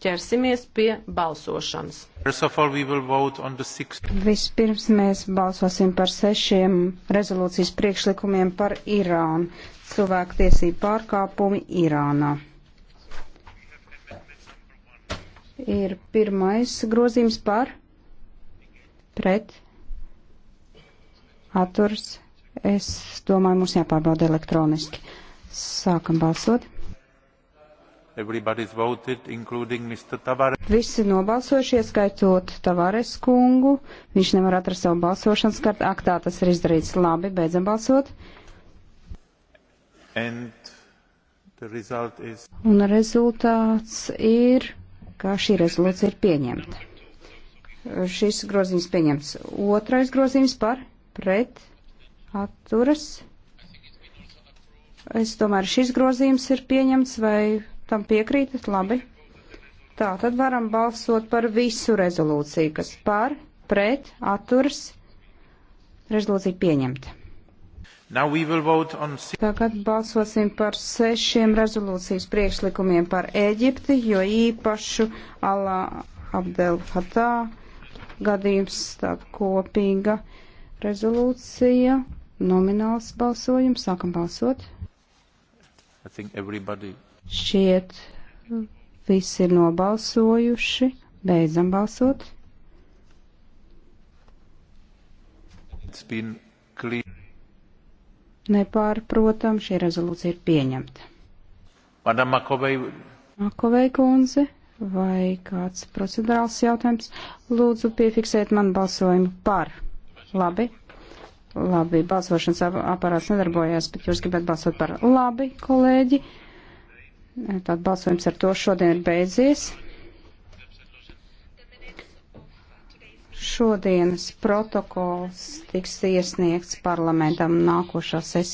ķersimies pie balsošanas. Vispirms mēs balsosim par sešiem rezolūcijas priekšlikumiem par Irānu. Cilvēktiesību pārkāpumi Irānā. Ir pirmais grozījums par pret atturs. Es domāju, mums jāpārbauda elektroniski. Sākam balsot. Voted, Visi nobalsojuši, ieskaitot Tavares kungu. Viņš nevar atrast savu balsošanas kartu. Ak, tā tas ir izdarīts labi. Beidzam balsot. Is... Un rezultāts ir, kā šī rezolūcija ir pieņemta. Šis grozījums pieņemts. Otrais grozījums par pret atturas. Es domāju, šis grozījums ir pieņemts vai Tam piekrītat? Labi. Tā, tad varam balsot par visu rezolūciju, kas par, pret, atturs, rezolūcija pieņemta. On... Tagad balsosim par sešiem rezolūcijas priekšlikumiem par Ēģipti, jo īpašu Alā Abdel Fatā gadījums tāda kopīga rezolūcija, nomināls balsojums, sākam balsot. I think everybody Šiet visi ir nobalsojuši. Beidzam balsot. Nepārprotam, šī rezolūcija ir pieņemta. Madam Makovei. Makovei kundze, vai kāds procedurāls jautājums? Lūdzu, piefiksēt man balsojumu par. Labi. Labi, balsošanas aparāts nedarbojās, bet jūs gribat balsot par. Labi, kolēģi. Tad balsojums ar to šodien ir beidzies. Šodienas protokols tiks iesniegts parlamentam nākošā sesija.